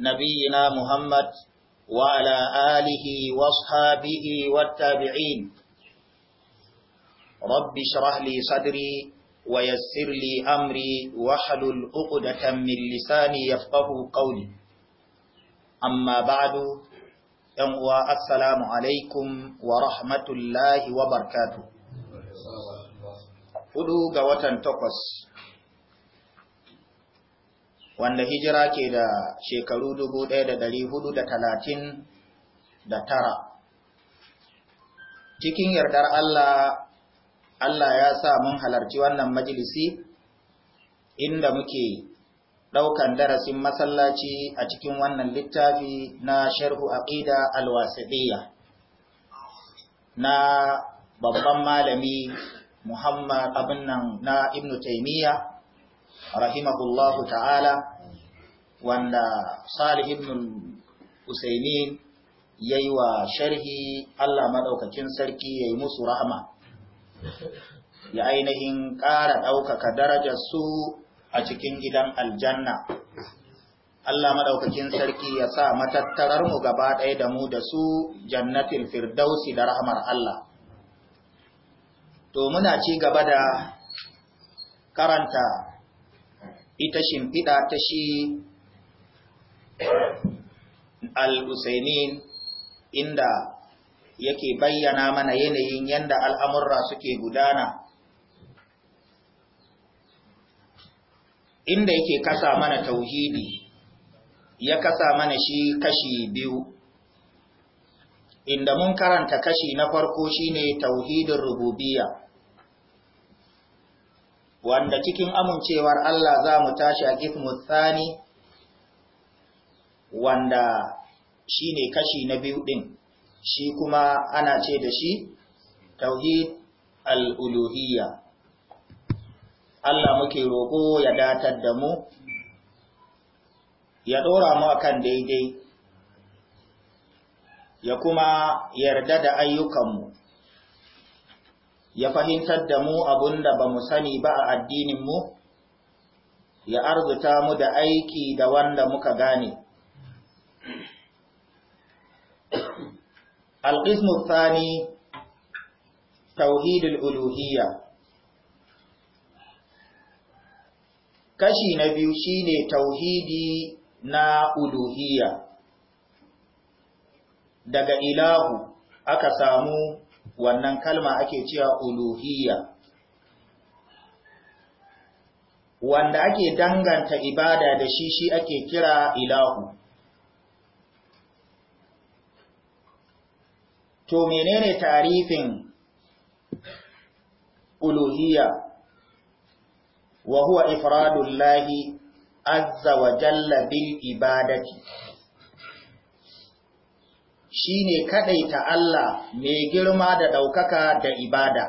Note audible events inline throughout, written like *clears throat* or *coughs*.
نبينا محمد وعلى آله واصحابه والتابعين رب اشرح لي صدري ويسر لي أمري واحلل الأقدة من لساني يفقه قولي أما بعد ينقوى السلام عليكم ورحمة الله وبركاته hudu ga watan wanda hijira ke da shekaru da da da hudu talatin tara. cikin yardar Allah Allah ya sa mun halarci wannan majalisi inda muke ɗaukan darasin masallaci a cikin wannan littafi na sharhu aqida alwasidiyya na babban malami Muhammad abin nan na Ibn Taymiyyah rahimahullahu ta'ala wanda salih ibn usaimin ya yi wa sharhi allah maɗaukakin sarki ya yi musu rahama ya ainihin ƙara ɗaukaka darajar su a cikin gidan aljanna Allah madaukakin sarki ya sa matattarar mu gaba ɗaya da mu da su jannatin firdausi da rahmar Allah. To muna ci gaba da karanta ita shimfiɗa ta shi al-Usainin inda yake bayyana mana yanayin yadda al'amurra suke gudana, inda yake kasa mana tauhidi, ya kasa mana shi kashi biyu, inda mun karanta kashi na farko shine tauhidin rububiyya. wanda cikin amincewar Allah za mu tashi a gifmu tsani wanda shi ne kashi na biyu ɗin shi kuma ana ce da shi tauhid al'uluhiyya Allah muke roƙo ya datar da mu ya ɗora mu akan daidai ya kuma yarda da ayyukanmu ya fahimtar da mu abun da ba mu sani ba a addinin mu, ya arzuta mu da aiki da wanda muka gane. *clears throat* Alƙismu Sani, Tauhidul Uluhiyya Kashi na biyu shine Tauhidi na Uluhiyya, daga ilahu aka samu wannan kalma ake cewa uluhiyya wanda ake danganta ibada da shi shi ake kira ilahu to menene tarifin uluhiyya wa huwa ifradullahi azza wa jalla bil ibadati shi ne kaɗaita Allah mai girma da ɗaukaka da ibada,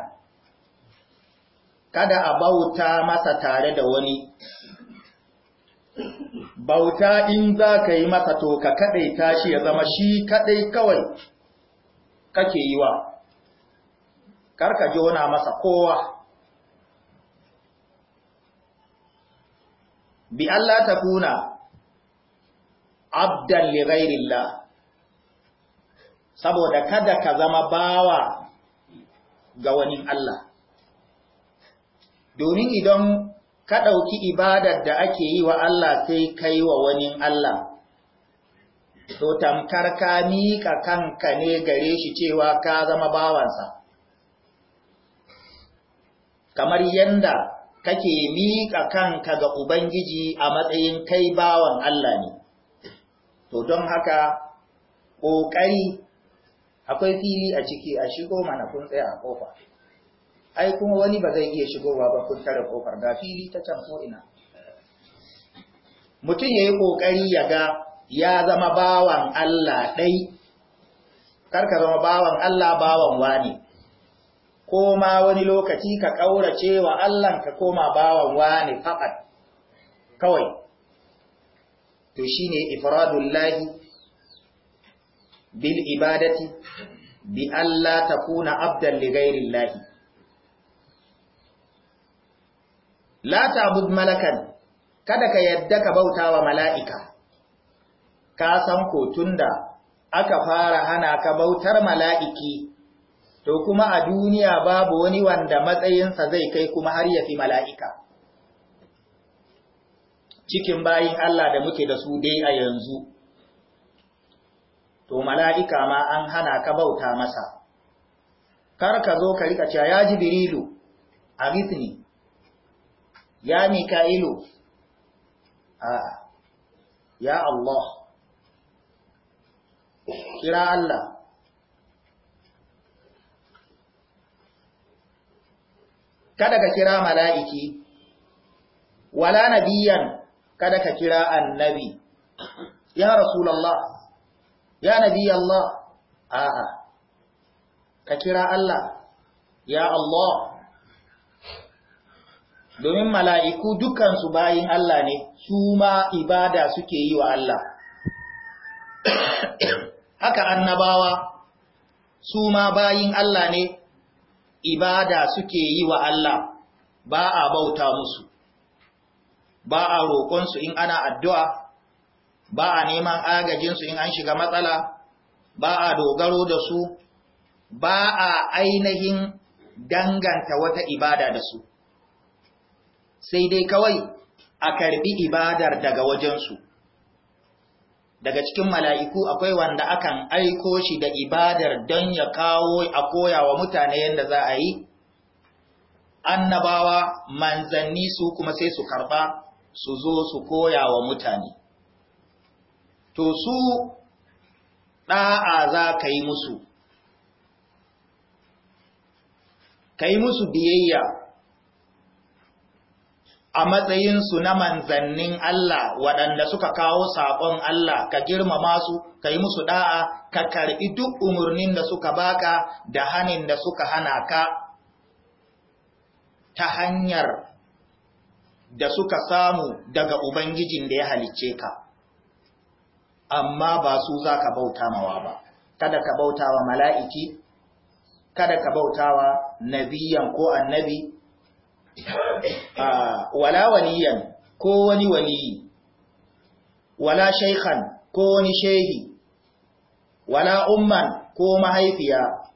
kada a bauta masa tare da wani. Bauta in za ka yi masa to ka kaɗaita shi ya zama shi kaɗai kawai kake yi wa, karka jona masa kowa. Bi Allah ta kuna, abdan li saboda kada ka zama bawa ga wani Allah. Domin idan ka ɗauki ibadar da ake yi wa Allah sai kai wa wani Allah, to tamkar ka miƙa kanka ne gare shi cewa ka zama bawansa. Kamar yanda kake miƙa kanka ga Ubangiji a matsayin kai bawan Allah ne, to don haka ƙoƙari akwai fili a ciki a shigo mana kun tsaya a kofa ai kuma wani ba zai iya shigowa ba kun tare kofar ga fili ta can ko ina mutum yayi kokari ya ga ya zama bawan Allah dai karka zama bawan Allah bawan wani ko ma wani lokaci ka ƙaura cewa Allah ka koma bawan wani fakat kawai to shine ifradullahi bil ibadati bi Allah ta kuna abdan ligairin lahi. La malakan, kada ka yadda ka bauta wa mala'ika, ka san ko tunda aka fara hana ka bautar mala'iki, to kuma a duniya babu wani wanda matsayinsa zai kai kuma har yafi mala'ika. Cikin bayin Allah da muke da su dai a yanzu. to mala'ika ma an hana ka bauta masa kar ka zo ka rika cewa ya birilu, a mitni ya mika'ilu a ya Allah kira Allah kada ka kira mala'iki, wala nabiyan kada ka kira annabi, ya Rasulallah, ya nabi Allah a'a ka kira Allah ya Allah domin mala'iku dukansu bayin Allah ne su ma ibada suke yi wa Allah *coughs* haka annabawa su ma bayin Allah ne ibada suke yi wa Allah ba a bauta musu ba a roƙonsu in ana addu'a ba a neman agajinsu in an shiga matsala ba a dogaro da su ba a ainihin danganta wata ibada da su sai dai kawai a karbi ibadar daga wajensu daga cikin mala'iku akwai wanda akan aiko shi da ibadar don ya kawo a koya wa mutane yadda za a yi annabawa manzanni su kuma sai su karba su zo su koya wa mutane to su ɗa'a za ka yi musu ka yi musu biyayya a matsayinsu na manzannin Allah waɗanda suka kawo saƙon Allah ka girmama su ka yi musu ɗa'a ka karɓi duk umarnin da suka baka da hanin da suka hana ka ta hanyar da suka samu daga Ubangijin da ya halicce ka amma ba su za ka bauta mawa ba kada ka bauta wa mala'iki kada ka bauta wa nabiyan ko annabi *coughs* ah, wala waliyan ko wani waliyi wala shaikhan ko wani shehi wala umman ko mahaifiya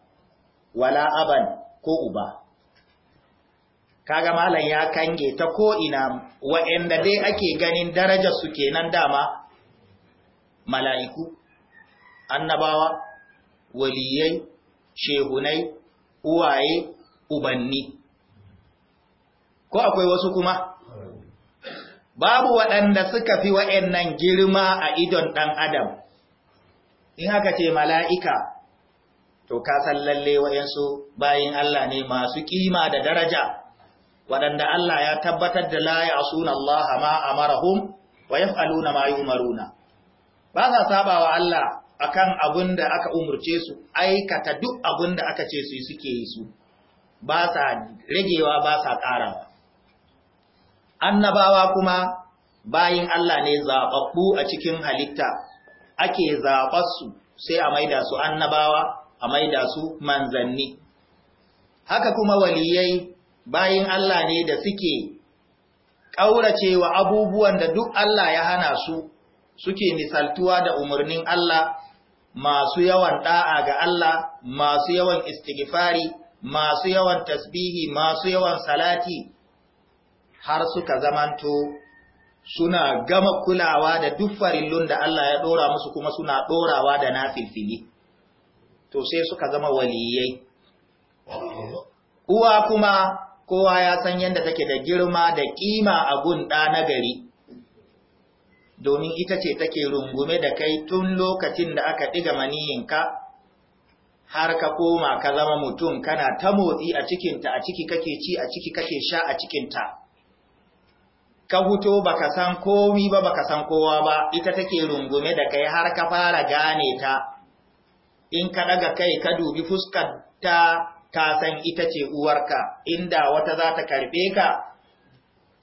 wala aban ko uba kaga malam ya kange ta ko ina wa'anda dai ake ganin darajar su kenan dama mala'iku, annabawa, waliyai, shehunai, uwaye, ubanni. Ko akwai wasu kuma? Babu waɗanda suka fi wa'yan girma a idon ɗan Adam, in haka ce mala'ika, to ka san lalle wa'yansu bayin Allah ne masu ƙima da daraja, waɗanda Allah ya tabbatar da la a sunan Allah ma a marahum wa yaf'aluna ma yi ba sa wa Allah akan abin da aka umurce su aikata duk abun da aka ce su suke yi su ba sa ragewa ba sa karawa annabawa kuma bayin Allah ne zaɓaɓɓu a cikin halitta ake zaɓarsu sai a maida su annabawa a maida su manzanni haka kuma waliyai bayin Allah ne da suke ƙauracewa abubuwan da duk Allah ya hana su suke misaltuwa da umarnin Allah masu yawan da'a ga Allah masu yawan istighfari masu yawan tasbihi masu yawan salati har suka zamanto suna gama kulawa da duk farillun da Allah ya dora musu kuma suna dorawa da nafilfili to sai suka zama waliyai uwa kuma kowa ya san yadda take da girma da kima a gun ɗa nagari domin ita ce take rungume da kai tun lokacin da aka ɗiga maniyinka har ka koma ka zama mutum kana ta motsi a cikinta a ciki kake ci a ciki kake sha a cikinta ka huto baka san komi ba baka san kowa ba ita take rungume da kai har ka fara gane ta in ka daga kai ka dubi fuskar ta ta san ita ce uwarka inda wata za ta karbe ka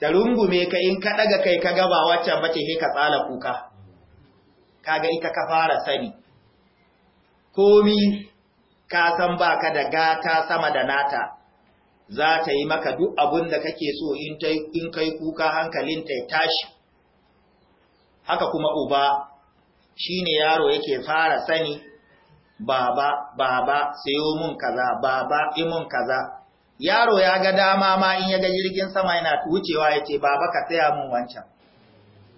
ta rungume ka in ka ɗaga kai ka gaba wacce bace ke ka tsala kuka kaga ita ka fara sani komi ka san baka da gata sama da nata za ta yi maka duk abin da kake so in kai kuka hankalinta ya tashi haka kuma uba shine yaro yake fara sani baba baba sayo mun kaza baba imun kaza yaro ya ga dama ma in ya ga jirgin sama yana wucewa ya ce baba ka tsaya mun wancan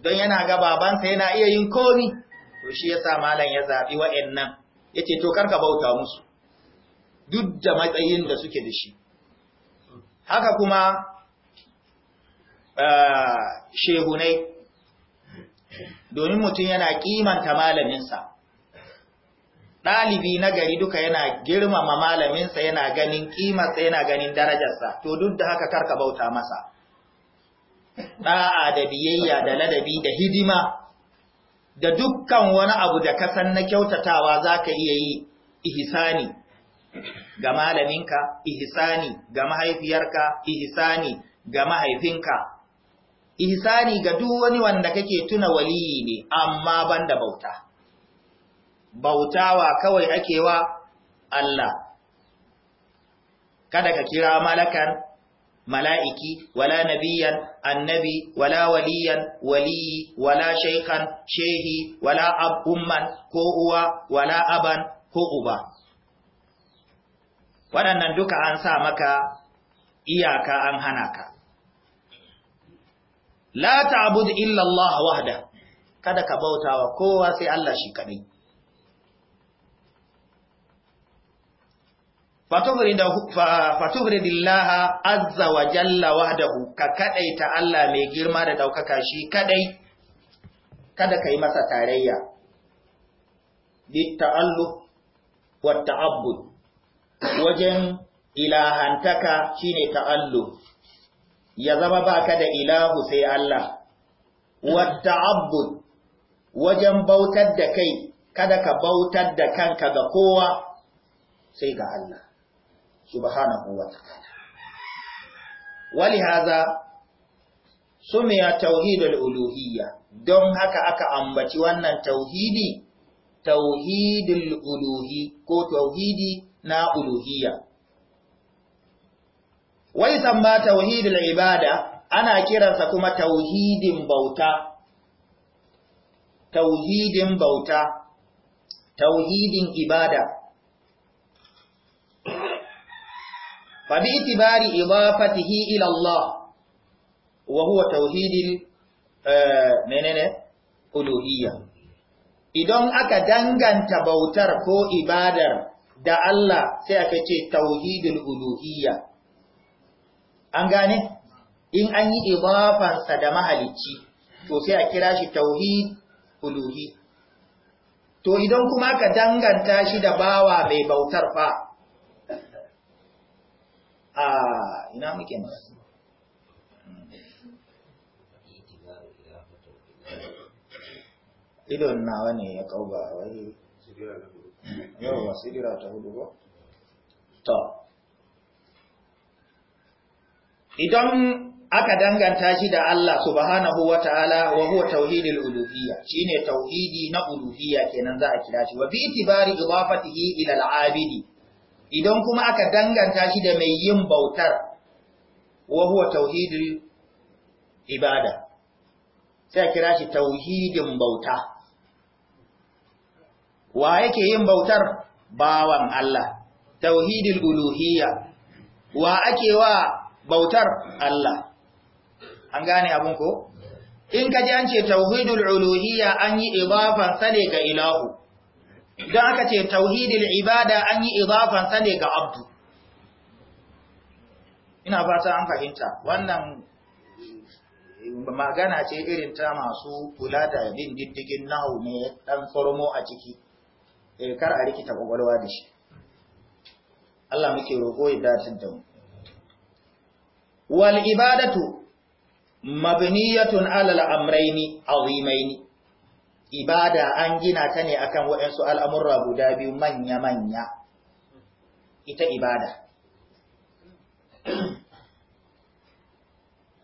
don yana ga babansa yana iya yin komi to shi ya sa malam ya zaɓi wa'annan ya ce to karka bauta musu duk da matsayin da suke da shi haka kuma eh, shehunai domin mutum yana kimanta malaminsa ɗalibi na gari duka yana girmama malaminsa yana ganin ƙimarsa yana ganin darajarsa to duk da haka karka bauta masa ɗa'a da biyayya da ladabi da hidima da dukkan wani abu da ka san na kyautatawa za ka iya yi ihisani ga malaminka ihisani ga mahaifiyarka ihisani ga mahaifinka ihisani ga duk wani wanda kake tuna waliyi ne amma banda bauta bautawa kawai ake wa Allah kada ka kira malakan mala'iki wala nabiyan annabi wala waliyan waliyi wala shaikan shehi wala abumman ko uwa wala aban ko uba waɗannan duka an sa maka iyaka an hana ka la ta'bud illa Allah wahda kada ka bautawa kowa sai Allah shi kaɗai fatufridillaha azza wa jalla wahdahu ka kadaita Allah mai girma da daukaka shi kadai kada kai masa tarayya bitta'alluq wa ta'abbud wajen ilahantaka shine ta'alluq ya zama baka da ilahu sai Allah wa ta'abbud wajen bautar da kai kada ka bautar da kanka ga kowa sai ga Allah subhanahu wa ta'ala wali sumiya tauhidul uluhiyya don haka aka ambaci wannan tauhidi tauhidul uluhi ko tauhidi na uluhiyya wai samba tauhidul ibada ana kiransa kuma tauhidin bauta tauhidin bauta tauhidin ibada fa bi itibari idafatihi ila Allah wa huwa idan aka danganta bautar ko ibadar da Allah sai aka ce tauhidul uluhiyya an gane in an yi idafansa da mahalicci to sai a kira shi tauhid uluhi to idan kuma aka danganta shi da bawa mai bautar fa a ina muke masu idan aka danganta shi da Allah subhanahu wa ta'ala wa huwa tauhidul uluhiyya shine tauhidi na uluhiyya kenan za a kira shi wa bi itibari idafatihi ila al-abidi idan kuma aka danganta shi da mai yin bautar wa huwa tauhidul ibada sai kira shi tauhidin bauta wa yake yin bautar bawan Allah tauhidul uluhiyya wa ake wa bautar Allah an gane abun ko in ka ji an ce tauhidul uluhiyya an yi idafan sale ga ilahu idan aka ce tauhidil ibada an yi idafan ne ga abdu ina ta an fahimta wannan magana ce irin ta masu kula da bin diddigin nahu ne dan formo a ciki eh, kar a rikita kwakwalwa da shi Allah muke roƙo ya dace da mu wal ibadatu mabniyatun alal amrayni azimaini ibada an gina ta ne akan waɗansu al'amurra guda biyu manya-manya ita ibada.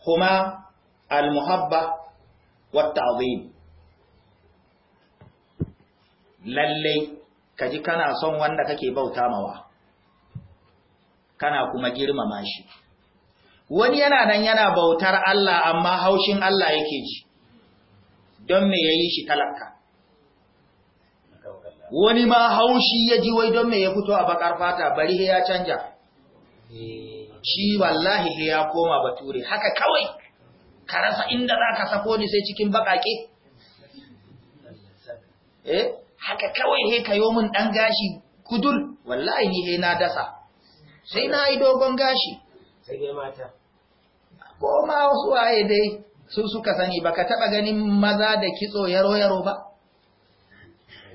Kuma al-muhabba wata azim. Lallai, ka ji kana son wanda kake bauta mawa, kana kuma girmama shi. Wani yana nan yana bautar Allah amma haushin Allah yake ji. don me ya yi shi talaka wani ma haushi ya ji wai don me ya fito a bakar fata bari ya canja shi wallahi ya koma bature haka kawai ka rasa inda za ka sako ni sai cikin bakake eh haka kawai he kayo mun dan gashi kudul wallahi ni he na dasa sai na yi dogon gashi sai dai mata koma wasu waye dai su suka sani ba ka taɓa ganin maza da kitso yaro-yaro ba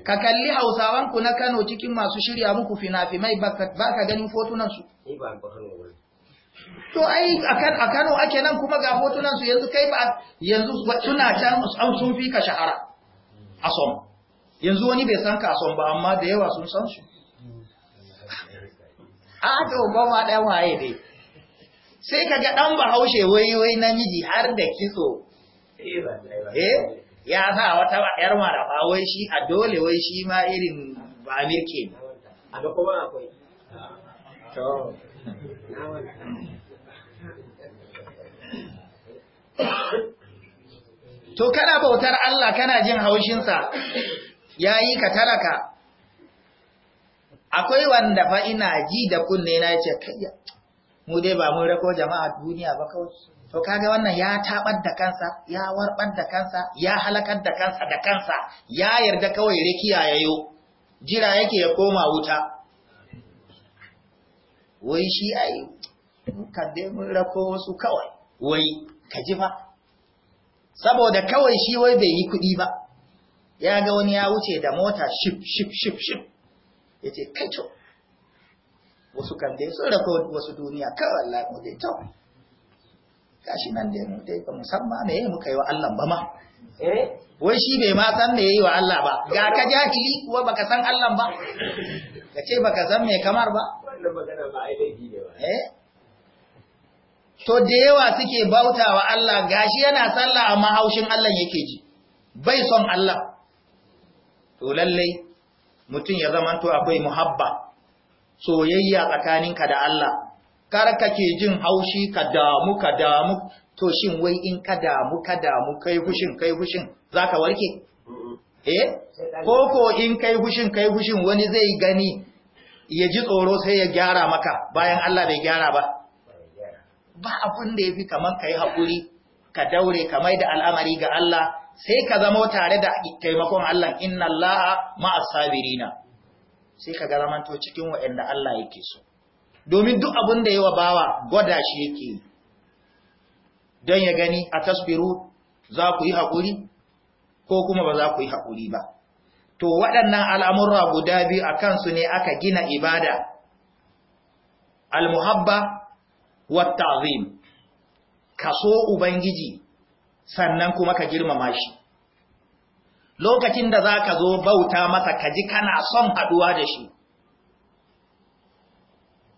ka kalli hausawanku na kano cikin masu shirya muku fina-finai ba ka ganin fotunansu to ai a kano ake nan kuma ga fotunansu yanzu kai ba yanzu suna can sun fi ka shahara a son yanzu wani bai san ka son ba amma da yawa sun san su mm. *laughs* a to goma ɗan waye dai sai ka ga ɗan bahaushe wai namiji har da kitso eh, eh ya sa wata ƴar marafa wai shi a dole wai shi ma irin ba mirke a to kana bautar Allah kana jin haushinsa yayi ka talaka akwai wanda fa ina ji da kunne na ce. kai mu dai ba mun rako jama'a duniya ba kawai to kaga wannan ya tabar da kansa ya warbar da kansa ya halakar da kansa da kansa ya yarda kawai rikiya yayo jira yake ya koma wuta wai shi ai kan dai mun rako wasu kawai wai ka ji fa saboda kawai shi wai bai yi kuɗi ba ya ga wani ya wuce da mota shif shif shif shif ya kai to wasu kan dai sun rako wasu duniya kawai Allah mu dai to gashi nan dai mu dai ba musamman me yayi muka yi wa Allah ba ma eh wai shi bai ma san me yayi wa Allah ba ga ka jahili kuwa baka san Allah ba kace baka san me kamar ba wannan magana ba ne ba eh to da yawa suke bauta wa Allah gashi yana sallah amma haushin Allah yake ji bai son Allah to lalle mutum ya zamanto akwai muhabba soyayya tsakaninka da Allah kar ka kake jin haushi ka damu ka damu to shin wai in ka damu ka damu kai hushin kai hushin zaka warke eh koko in kai hushin kai hushin wani zai gani ya ji tsoro sai ya gyara maka bayan Allah bai gyara ba ba abin da yafi kaman kai hakuri ka daure ka mai da al'amari ga Allah sai ka zama tare da taimakon Allah inna Allah ma’asabirina. sai ka ga cikin waɗanda Allah yake so domin duk abin da yawa bawa gwada shi yake yi don ya gani a tasbiru za ku yi haƙuri ko kuma ba za ku yi haƙuri ba to waɗannan al'amurra guda biyu a kansu ne aka gina ibada almuhabba wa ta’azim, ka so ubangiji sannan kuma ka girmama shi lokacin da za ka zo bauta masa ka ji kana son haɗuwa da shi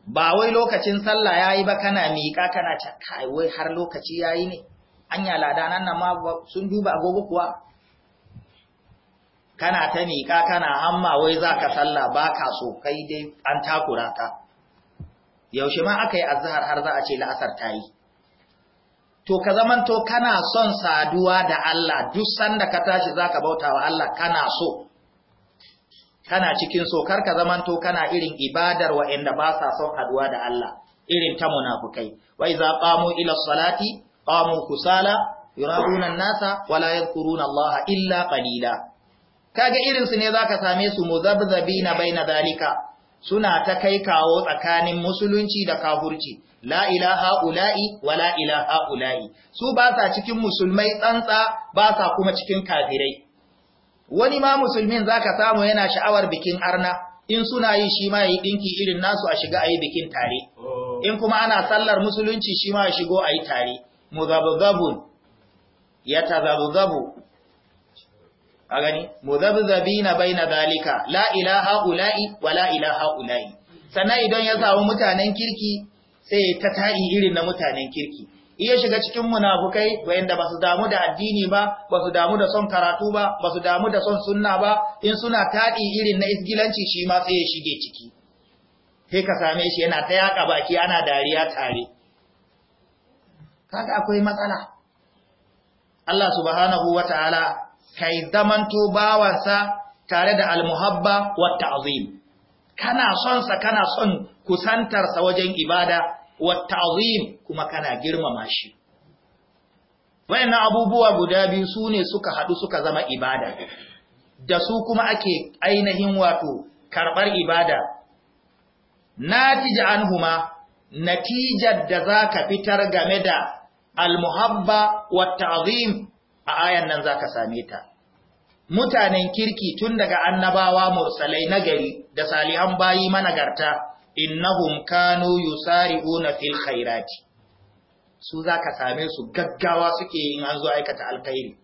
ba wai lokacin sallah ya yi ba kana miƙa kana cakai wai har lokaci ya yi ne an yi ladanan nan ma sun duba agogo kuwa kana ta miƙa kana hamma wai za ka sallah ba ka so kai dai an takura ka yaushe ma aka yi azahar har za a ce la'asar ta yi to ka zamanto kana son saduwa da Allah duk sanda ka tashi zaka bauta wa Allah kana so kana cikin so kar ka zamanto kana irin ibadar inda ba sa son haduwa da Allah irin ta munafukai wa iza qamu ila salati qamu kusala yurabuna nasa wa la yadhkuruna Allah illa qalila kaga irin su ne zaka same su muzabzabina baina dalika suna ta kai kawo tsakanin musulunci da kafurci la ilaha ula'i wa la ilaha ula'i su ba sa cikin musulmai tsantsa ba sa kuma cikin kafirai wani ma musulmin zaka samu yana sha'awar bikin arna in suna yi shi ma yi dinki irin nasu a shiga ayi bikin tare in kuma ana sallar musulunci shi ma shigo ayi tare muzabzabun yatazabzabu ka gani bai na zalika la ilaha ula'i wa la ilaha ula'i sannan idan ya samu mutanen kirki sai ta ta'i irin na mutanen kirki iya shiga cikin munafukai wayanda ba su damu da addini ba ba su damu da son karatu ba ba su damu da son sunna ba in suna taɗi irin na isgilanci shi ma sai ya shige ciki sai ka same shi yana ta yaka baki ana dariya tare kaga akwai matsala Allah subhanahu Ta'ala. kai zamanto bawansa tare da almuhabba wa ta'zim kana son sa kana son kusantar sa wajen ibada wa ta'zim kuma kana girmama shi wayannan abubuwa guda biyu sune suka haɗu suka zama ibada da su kuma ake ainihin wato karbar ibada natij anhuma natijar da za ka fitar game da almuhabba wa ta'zim a ayan nan za ka same ta mutanen kirki tun daga annabawa mursalai nagari da salihan bayi managarta innahum kanu yusari'una fil khairati su zaka same su gaggawa suke yin an zo aikata alkhairi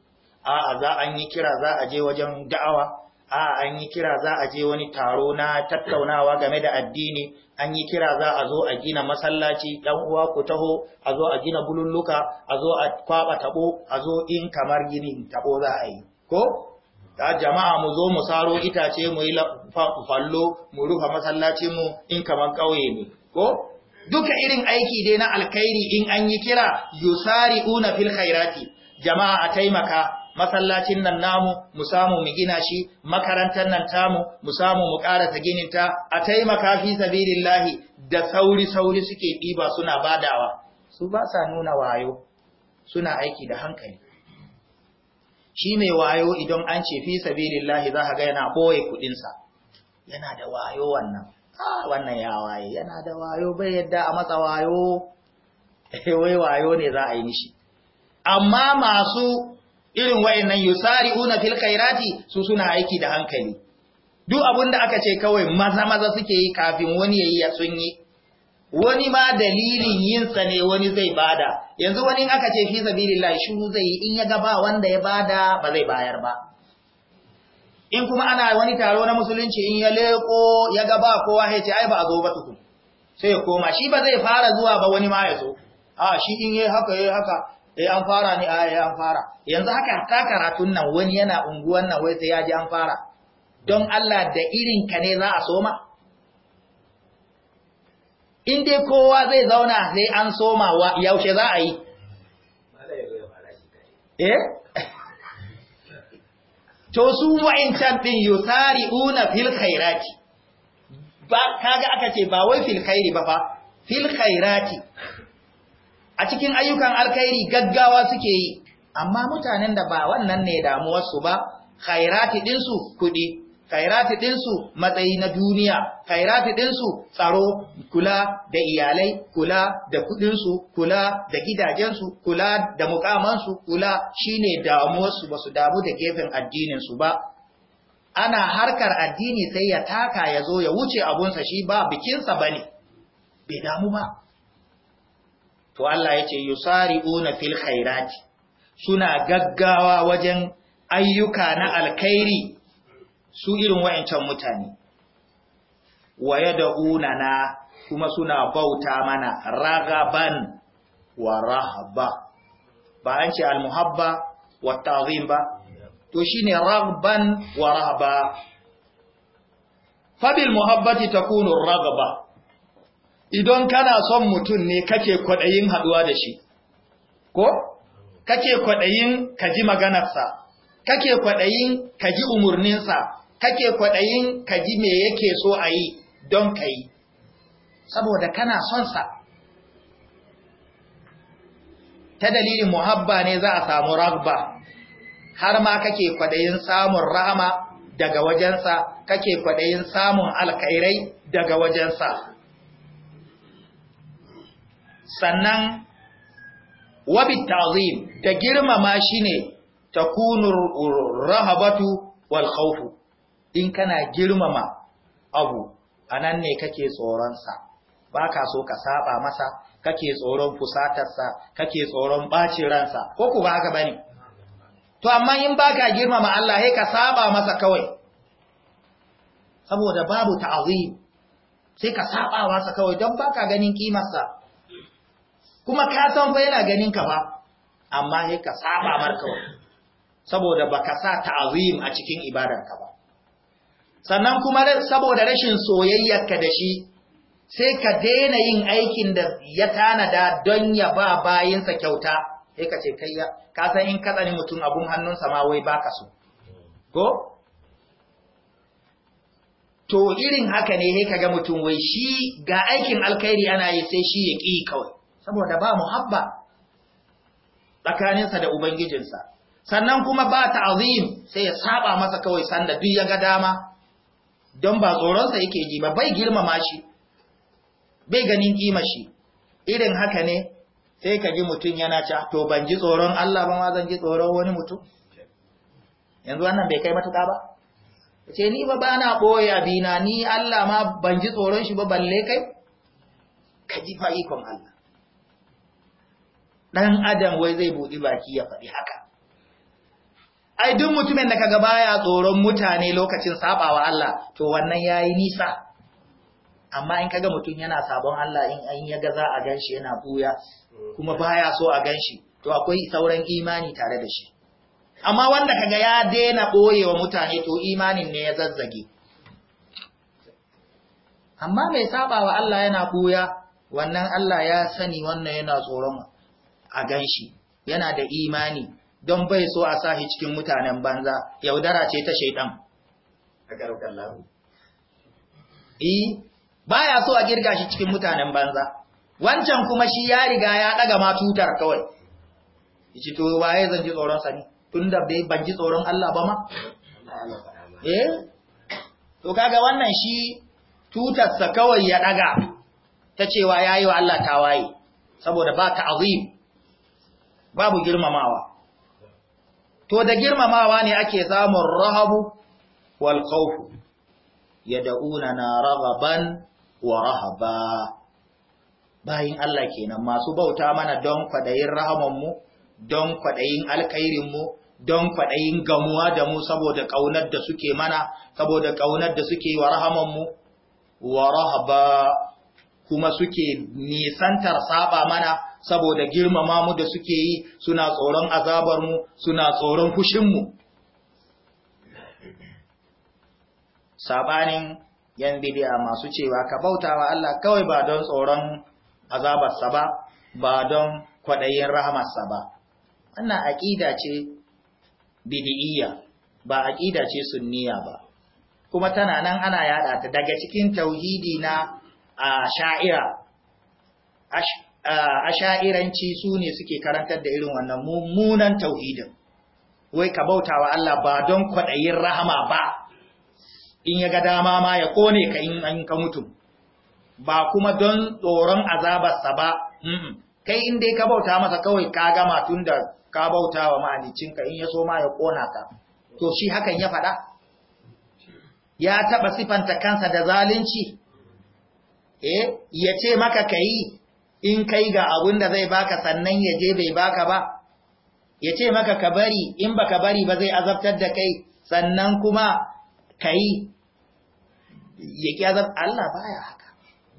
a'a za an yi kira za a je wajen da'awa a an yi kira za a je wani taro na tattaunawa game da addini an yi kira za a zo a gina masallaci ɗan uwa ku taho a zo a gina bululluka a zo a kwaba tabo a zo in kamar gini tabo za a yi ko ta jama'a mu zo mu saro itace mu yi fallo mu rufa masallaci mu in kamar ƙauye ne ko duka irin aiki dai na alkhairi in an yi kira una fil khairati jama'a a taimaka masallacin nan namu mu samu mu gina shi makarantar nan tamu mu samu mu karasa ginin ta a taimaka fi sabilillahi da sauri sauri suke diba suna badawa su ba sa nuna wayo suna aiki da hankali shi mai wayo idan an ce fi sabilillahi za ka ga yana boye kudin sa yana da wayo wannan ah wannan ya waye yana da wayo bai yadda a matsa wayo *laughs* wai wayo ne za a yi mishi amma masu irin wayannan yusari'una fil khairati su suna aiki da hankali duk da aka ce kawai maza maza suke yi kafin wani yayi ya sun yi wani ma dalilin yin sa ne wani zai bada yanzu wani aka ce fi sabilillah shiru zai yi in ya ga ba wanda ya bada ba zai bayar ba in kuma ana wani taro na musulunci in ya leko ya ga ba kowa ya ce ai ba a zo ba tukun sai ya koma shi ba zai fara zuwa ba wani ma ya zo a shi in yayi haka yayi haka eh an fara ne ah, eh an fara yanzu haka ta karatun nan wani yana unguwan nan wai sai ya ji an fara don Allah da irin ka ne za a soma in dai kowa zai zauna sai an soma wa yaushe za a yi eh *laughs* to su wa'incan din yusari'una fil khairati ba kaga aka ce ba wai fil khairi ba fa fil khairati a cikin ayyukan alkhairi gaggawa suke yi amma mutanen da ba wannan ne damuwarsu ba khairati ɗinsu kuɗi khairati ɗinsu matsayi na duniya khairati ɗinsu tsaro kula da iyalai kula da kuɗinsu kula da gidajensu kula da mukamansu kula shine damuwarsu ba su damu da gefen addininsu ba ana harkar addini sai ya taka ya zo ya wuce abunsa shi ba bikinsa ba ne, bai damu ba. to Allah ya ce yusari'una fil khairati suna gaggawa wajen ayyuka na alkhairi su irin wayancan mutane wa yad'una na kuma suna bauta mana ragaban wa rahaba ba an ce almuhabba wa ta'zim ba to shine ragban wa rahaba fabil muhabbati takunu ragaba idan kana son mutum ne kake kwaɗayin haɗuwa da shi ko kake kwaɗayin ka ji maganarsa kake kwaɗayin ka ji umarninsa kake kwaɗayin ka ji me yake so a yi don ka yi saboda kana son sa ta dalilin muhabba ne za a samu ragba har ma kake kwaɗayin samun rahama daga wajensa kake kwaɗayin samun alkairai daga wajensa sannan wabi ta'zim da girmama shine kunur rahabatu wal khawfu in kana girmama abu anan ne kake tsoron sa baka so ka saba masa kake tsoron fusatarsa kake tsoron bacin ransa ko ku ba ka bane to amma in baka girmama Allah sai ka saba masa kawai saboda babu ta'zim sai ka saba masa kawai don baka ganin kimarsa kuma ka san fa yana ganin ka ba amma sai ka saba marka saboda baka sa ta'zim a cikin ibadarka ba sannan kuma saboda rashin soyayyarka da shi sai ka daina yin aikin da ya tanada don ya ba sa kyauta sai ka ce ya, ka san in katsani mutum abun hannunsa ma wai baka so ko to irin haka ne sai kaga mutum wai shi ga aikin alkhairi ana yi sai shi ya ƙi kawai saboda ba muhabba tsakaninsa da ubangijinsa sannan kuma ba ta azim sai ya saba masa kawai sanda duk ya ga dama don ba tsoronsa yake ji ba bai girmama shi bai ganin kima shi irin haka ne sai ka ji mutum yana ca to ban ji tsoron Allah ba ma zan ji tsoron wani mutum yanzu wannan bai kai matuƙa ba ce ni ba bana ɓoye abina ni Allah ma ban ji tsoron shi ba balle kai ka ji fa'ikon Allah ɗan adam wai zai buɗi baki ya faɗi haka ai duk mutumin da kaga baya tsoron mutane lokacin sabawa Allah to wannan yayi nisa amma in kaga mutum yana sabon Allah in an yaga za a ganshi yana buya kuma baya so a ganshi to akwai sauran imani tare da shi amma wanda kaga ya daina boyewa mutane to imanin ne ya zazzage amma mai sabawa Allah yana buya wannan Allah ya sani wannan yana tsoron a gan shi yana da imani don bai so a sahi cikin mutanen banza yaudara ce ta shaidan a garukan lahu eh, ya so a girga shi cikin mutanen banza wancan kuma shi ya riga ya daga ma tutar kawai yace to waye zan ji tsoron sa ne da bai ban ji tsoron Allah ba ma eh to kaga wannan shi tutar sa kawai ya daga ta cewa yayi wa Allah tawaye saboda ba ta azim babu girmamawa to da girmamawa ne ake samun rahabu wal ya yad'una na raghaban wa rahaba bayin Allah kenan masu bauta mana don kwadayin rahaman mu don kwadayin alkhairin mu don kwaɗayin gamuwa da mu saboda ƙaunar da suke mana, saboda ƙaunar da suke wa mu wa rahaba kuma suke nisantar saba mana, saboda girmama mu da suke yi suna tsoron azabarmu suna tsoron mu. sabanin yan bidiya masu cewa ka bautawa Allah kawai ba don tsoron azabarsa ba ba don kwaɗayin rahamarsa ba wannan aƙida ce bidiyya ba aƙida ce sunniya ba kuma tana nan ana yada ta daga cikin tauhidi na a sha'ira sha’iranci su ne suke karantar da irin wannan mummunan tauhidin wai ka bauta wa Allah ba don kwaɗayin rahama ba in ya ga dama ma ya kone ka in an ka mutum. ba kuma don tsoron azabarsa ba kai in dai ka bauta masa kawai ka gama tun da ka bauta wa mahaliccinka in ya so ma ya kona ka to shi hakan ya faɗa ya taɓa sifanta kansa da zalunci eh ya ce maka ka yi in kai ga abun da zai baka sannan ya je bai baka ba ya ce maka ka bari in baka bari ba zai azabtar da kai sannan kuma kai ya ki azab Allah baya haka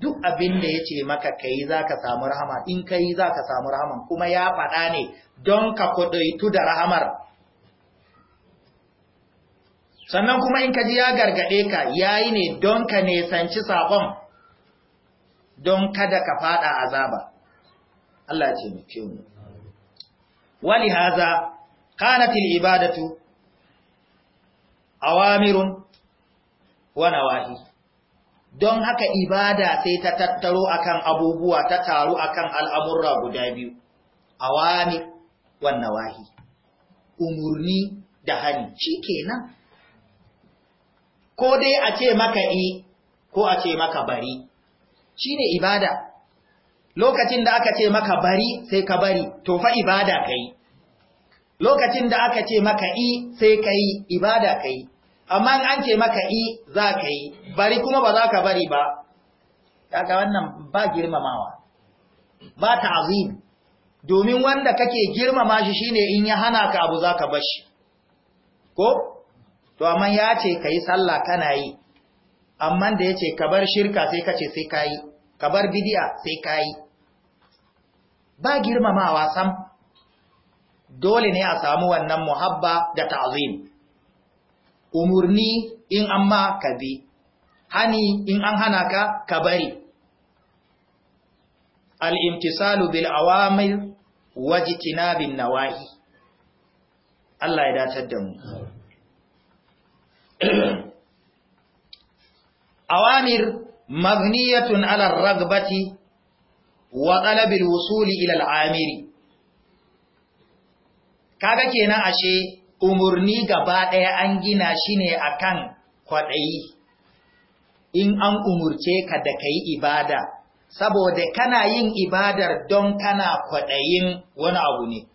duk abin da ya ce maka kai za ka samu rahama in kai za ka samu rahama, kuma ya faɗa ne don ka kuɗaitu da rahamar sannan kuma in ka ji ya gargaɗe ka yayi ne don ka nesanci saƙon don kada ka fada azaba Allah ya taimake mu wali haza kanat al ibadatu awamirun wa nawahi don haka ibada sai ta tattaro akan abubuwa ta taru akan al'amurra guda biyu awami wa nawahi umurni da hani shikenan ko dai a ce maka i eh, ko a ce maka bari shine ibada lokacin da aka ce maka bari sai ka bari to fa ibada kai lokacin da aka ce maka i sai kai ibada kai amma an ce maka i za ka yi bari kuma ba za ka bari ba kaga wannan ba girmamawa ba ta'zim domin wanda kake girmama shi shine in ya hana ka abu za ka bashi ko to amma ya ce ka sallah kana yi amma da yace ka bar shirka sai kace sai kai ka bar sai kai ba girmamawa sam dole ne a samu wannan muhabba da ta'zim umurni in amma ka bi hani in an hana ka ka bari al-imtisalu bil awamir wajtinabin nawahi Allah ya datar da mu *clears throat* awamir mabniyatun ala ragbati wa talabil wusuli ilal amiri kaga kenan ashe Umarni gaba ɗaya an gina shi ne akan kwaɗayi in an umurce ka da kai ibada saboda kana yin ibadar don kana kwaɗayin wani abu ne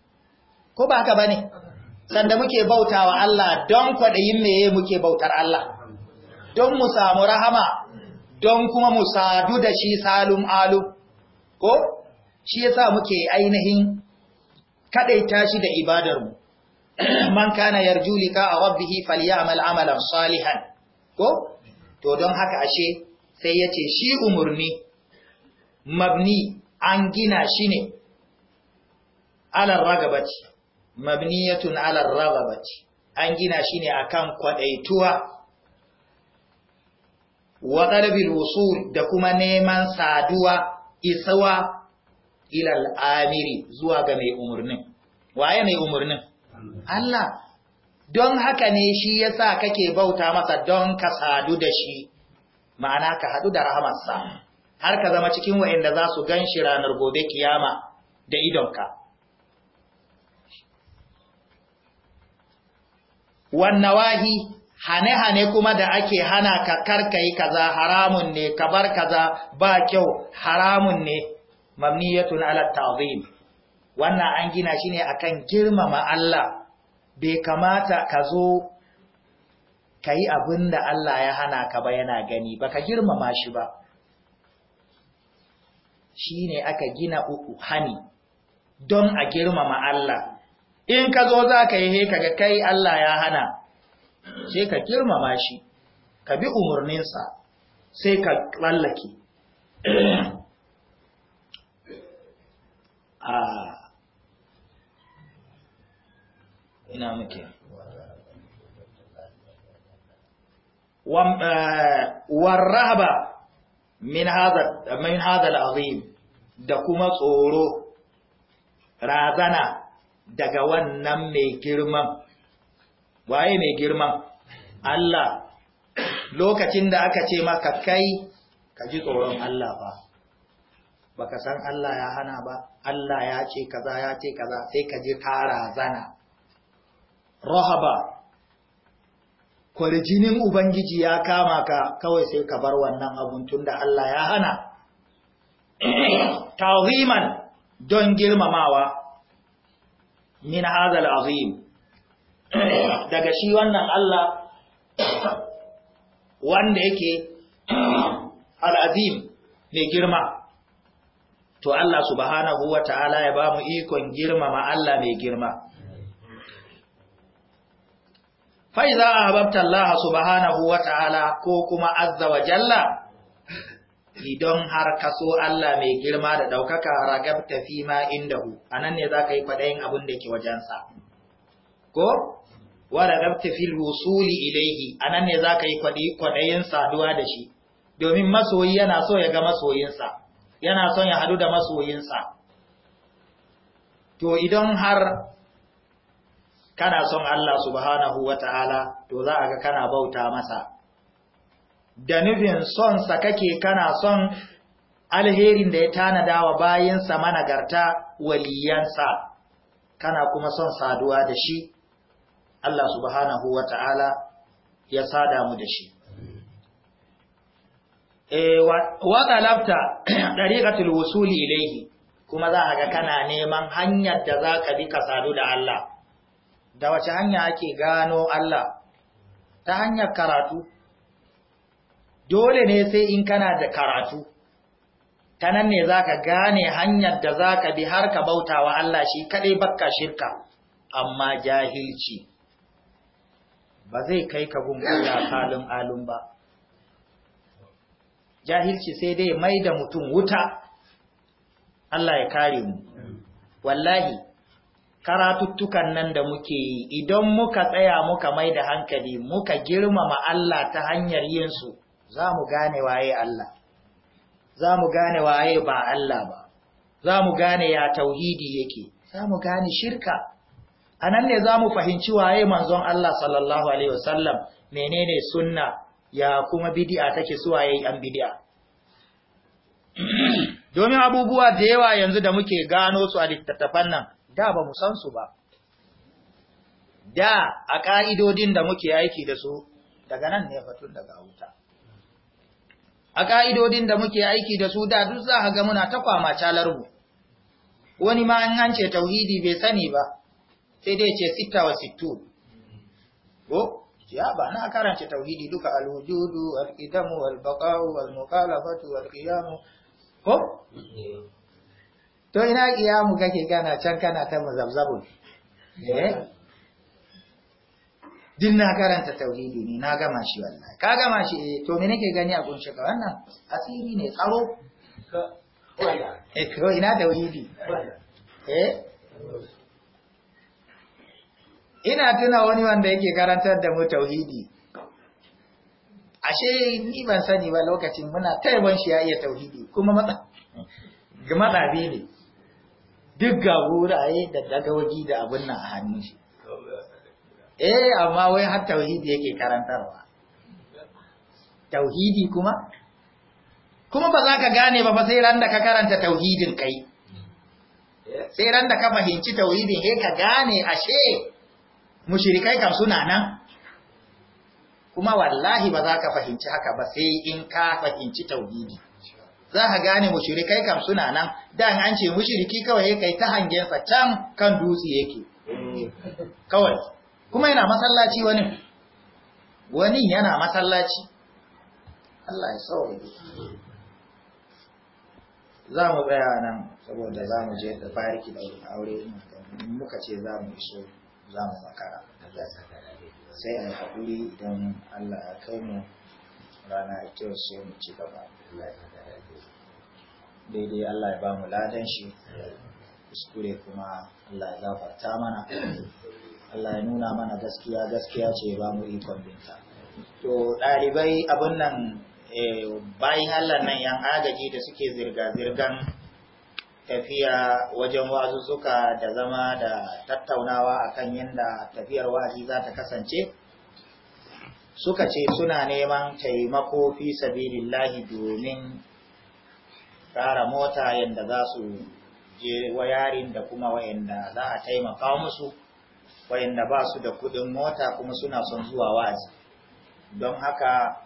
ko ba haka ne? sanda muke bautawa Allah don kwaɗayin meye muke bautar Allah don mu samu rahama don kuma mu sadu da shi salum alu ko shi yasa muke ainihin kadaita shi da ibadarmu *clears throat* man kana yarju lika rabbih falyamal amalan salihan ko to don haka ashe sai yace shi umurni mabni an gina shi ne ragabati mabniyatun alar ragabati an gina shi ne akan kwadaituwa wa ɗarbil wusul da kuma neman saduwa isawa ilal amiri zuwa ga mai umarnin waye mai umarnin Allah don haka ne shi yasa kake bauta masa don ka sadu da shi ma'ana ka hadu da rahamarsa har ka zama cikin wa'anda za su gan shi ranar gobe kiyama da idonka wannan wahi hane-hane kuma da ake hana ka karkai kaza haramun ne ka bar kaza ba kyau haramun ne mamniyatun ala ta'zim wannan an gina shi ne akan girmama Allah bai kamata ka zo ka yi Allah ya hana ka ba yana gani ba ka girmama shi ba shi aka gina uku hani don a girmama Allah in ka zo za ka yi he kaga kai Allah ya hana sai ka girmama shi ka bi umarninsa sai ka tsallake a *clears throat* ah. ina muke eh, warraba min hada al'azim da kuma tsoro razana daga wannan mai girman waye mai girma Allah lokacin da aka ce maka kai ka ji tsoron Allah ba baka san Allah ya hana ba Allah ya ce kaza ya ce kaza sai ka ji kara rahaba kwarjinin ubangiji ya kama ka kawai sai ka bar wannan abun tunda Allah ya hana tawhiman don girmamawa min hadal azim daga shi wannan Allah wanda yake al'azim mai girma to Allah subhanahu wa ta'ala ya ba mu ikon girmama Allah mai girma fai za a hababta Allah subhanahu wa ta'ala ko kuma azza wa jalla idan har kaso Allah mai girma da ɗaukaka ragabta fi ma inda hu a nan ne za ka yi faɗayin abin da ke wajensa ko wararrabta fil wusuli ilaihi anan ne ka yi kwadayin saduwa da shi domin masoyi yana so ya ga masoyinsa yana son ya hadu da masoyinsa to idan har kana son Allah subhanahu wataala to za a ga kana bauta masa da nufin son sa kake kana son alherin da ya tanada wa bayansa managarta waliyansa kana kuma son saduwa da shi Allah subhanahu wa ta'ala ya sada mu da shi. Eh, Waƙalabta *clears throat* ɗariƙatul wusuli ilaihi kuma za a ga kana neman hanyar da za ka bi ka sadu da Allah, da wace hanya ake gano Allah, ta hanyar karatu. Dole ne sai in kana da karatu, ta nan ne za ka gane hanyar da za ka bi har ka bauta wa Allah shi kaɗai bakka shirka, amma jahilci ba zai kai ka gun Allah halin alun ba jahilci sai dai mai da mutum wuta Allah ya kare mu wallahi karatuttukan nan da muke yi idan muka tsaya muka mai da hankali muka girmama Allah ta hanyar yinsu za mu gane waye Allah za mu gane waye ba Allah ba za mu gane ya tauhidi yake za mu gane shirka a nan ne za mu fahimci waye manzon Allah sallallahu Alaihi wasallam menene sunna ya kuma bidi'a take waye an bidi'a. *clears throat* Domin abubuwa da yawa yanzu da muke gano su a littattafan nan, da ba mu san su ba. Da a ƙa'idodin da muke aiki da su daga nan ne fatun daga wuta. A ƙa'idodin da muke aiki da su da duk za a ga muna ta kwama calar mu. Wani ma an hance tauhidi bai sani ba. sai dai ce sita wa sittun ko ya ba na karanta tauhidi duka alwujudu alqidamu walbaqa'u walmuqalafatu walqiyamu ko to ina qiyamu kake gana can kana ta mazabzabu eh din na karanta tauhidi ne na gama shi wallahi ka gama shi eh to me nake gani a gunshi ka wannan asiri ne tsaro eh ko ina tauhidi eh ina tuna wani wanda yake karantar da mu tauhidi ashe ni ban sani ba lokacin muna taiban shi ya iya tauhidi kuma matsa matsabi ne duk ga wuraye da dagawaji da abun nan a hannun shi eh amma wai har tauhidi yake karantarwa tauhidi kuma kuma ba za ka gane ba sai ran da ka karanta tauhidin kai sai ran da ka fahimci tauhidin he ka gane ashe mushirikai kam suna nan kuma wallahi ba za ka fahimci haka ba sai in ka fahimci tauhidi za ka gane mushirikai kam suna nan dan an ce mushiriki kawai kai ta hangensa can kan dutse yake kawai kuma yana masallaci wani wani yana masallaci Allah ya sauke za mu tsaya nan saboda za mu je da fariki da aure muka ce za mu iso za mu makara sai a haƙuri idan Allah ya kai mu rana kyau sai mu ci gaba daidai Allah ya ba mu ladan shi kuskure kuma Allah ya zafarta mana Allah ya nuna mana gaskiya gaskiya ce ba mu ikon binta to ɗalibai abin nan eh, bayan Allah nan yan agaji da suke zirga-zirgan tafiya wajen suka da zama da tattaunawa akan yadda tafiyar wa'azi za ta kasance suka ce suna neman taimako fi sabilillahi domin tsara mota yadda za su je wayarin da kuma wayanda za a taimaka musu wayanda ba su da kudin mota kuma suna son zuwa wa'azi don haka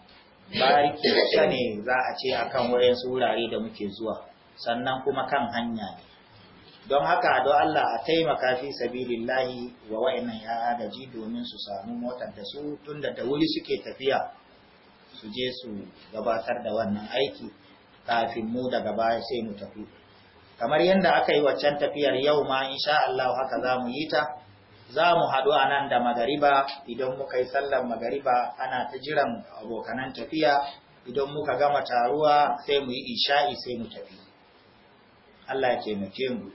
bariki ne za a ce akan su wurare da muke zuwa sannan kuma kan hanya ne don haka do Allah a taimaka fi sabilillahi wa wa'annan ya agaji domin su samu motar da su tunda da wuri suke tafiya su je su gabatar da wannan aiki kafin mu daga baya sai mu tafi kamar yadda aka yi waccan tafiyar yau ma insha Allah haka za mu yi ta za mu haɗu a nan da magariba idan muka yi sallar magariba ana ta jiran abokanan tafiya idan muka gama taruwa sai mu yi isha'i sai mu tafi Allah ya taimake mu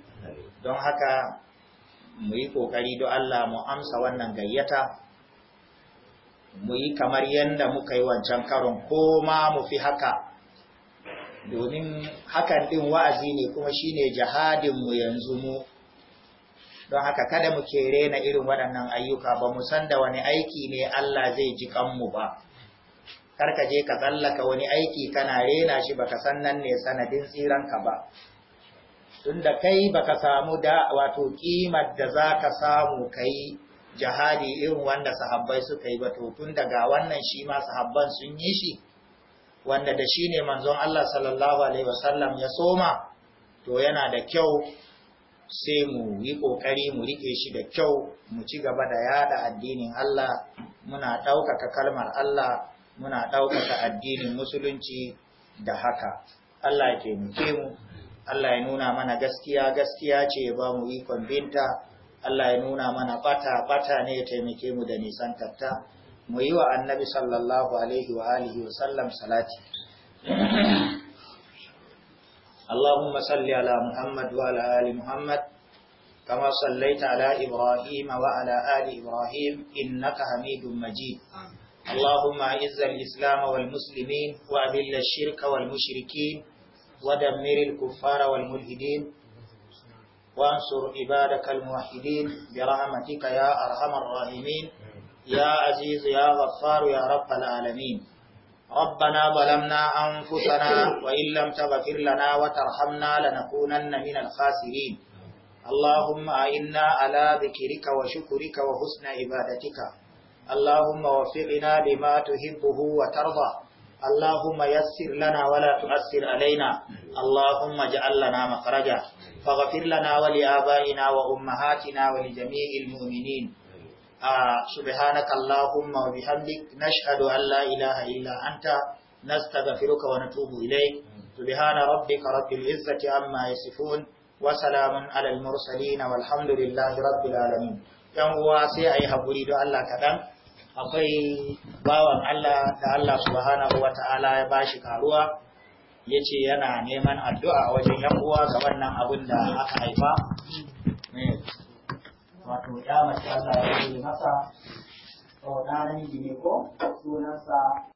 don haka mu yi ƙoƙari don Allah mu amsa wannan gayyata mu yi kamar yadda muka yi wancan karon ko ma mu fi haka domin hakan ɗin wa'azi ne kuma shine jihadin mu yanzu mu don haka kada mu kere na irin waɗannan ayyuka ba mu san da wani aiki ne Allah zai ji kanmu ba karka je ka tsallaka wani aiki kana rena shi baka san nan ne sanadin tsiranka ba tunda kai baka samu da wato kimar da zaka samu kai jihadi irin wanda sahabbai suka yi ba to tun daga wannan shi ma sahabban sun yi shi wanda da shi ne manzon Allah sallallahu alaihi wasallam ya soma to yana da kyau sai mu yi kokari mu rike shi da kyau mu ci gaba da yada addinin Allah muna ɗaukaka kalmar Allah muna ɗaukaka addinin musulunci da haka Allah ya taimake mu Allah ya nuna mana gaskiya gaskiya ce ya ba mu ikon binta Allah ya nuna mana bata bata ne ya taimake mu da nisan tatta mu yi wa annabi sallallahu alaihi wa alihi wa sallam salati *clears throat* Allahumma salli ala Muhammad wa ala ali Muhammad kama sallaita ala Ibrahim wa ala ali Ibrahim innaka Hamidum Majid Allahumma izzil Islam wal muslimin wa adhil ash-shirka wal mushrikin ودمر الكفار والملحدين وانصر عبادك الموحدين برحمتك يا أرحم الراحمين يا عزيز يا غفار يا رب العالمين ربنا ظلمنا أنفسنا وإن لم تغفر لنا وترحمنا لنكونن من الخاسرين اللهم أئنا على ذكرك وشكرك وحسن عبادتك اللهم وفقنا لما تحبه وترضى اللهم يسر لنا ولا تؤسر علينا اللهم اجعل لنا مخرجا فاغفر لنا ولآبائنا وأمهاتنا ولجميع المؤمنين آه سبحانك اللهم وبحمدك نشهد أن لا إله إلا أنت نستغفرك ونتوب إليك سبحان ربك رب العزة عما يصفون وسلام على المرسلين والحمد لله رب العالمين yan uwa sai a yi haƙuri don Allah kaɗan akwai bawan Allah da Allah subhanahu wa ta'ala ya bashi karuwa ya ce yana neman addu'a wajen yankuwa ga wannan abin da aka haifa wato ya mace Allah ya yi masa sau ne ko sunansa